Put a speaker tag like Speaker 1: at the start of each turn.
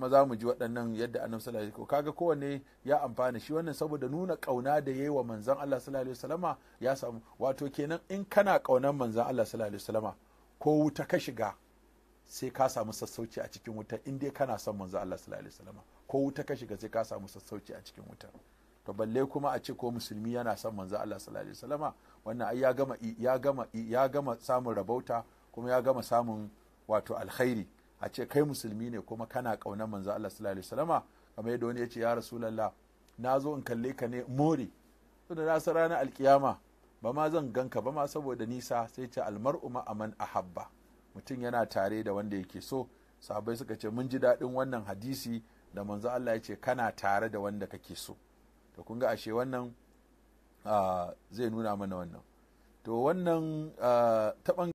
Speaker 1: kuma za mu ji waɗannan yadda annabi sallallahu alaihi kaga kowanne ya amfana shi wannan saboda nuna kauna da yayi wa manzon Allah sallallahu alaihi wasallama ya samu wato kenan in kana kaunan manzon Allah sallallahu alaihi wasallama ko wuta ka shiga sai ka samu sassauci a cikin wuta in dai kana son manzon Allah sallallahu alaihi wasallama ko wuta ka shiga sai ka samu sassauci a cikin wuta to balle kuma a ce ko musulmi yana son manzon Allah sallallahu alaihi wasallama wannan ai ya gama ya gama ya gama samun rabauta kuma ya gama samun wato alkhairi a ce kai musulmi ne kuma kana kauna manzo Allah sallallahu alaihi wasallama kamar yadda wani ya ce ya rasulullah na zo in kalle ka ne mori da na san ranar alkiyama ba ma zan ganka ba ma saboda nisa sai ce almar'u ma aman ahabba mutum yana tare da wanda yake so sahabbai suka ce mun ji daɗin wannan hadisi da manzo Allah ya ce kana tare da wanda kake so to kun ga ashe wannan ah, zai nuna mana wannan to wannan ah, ta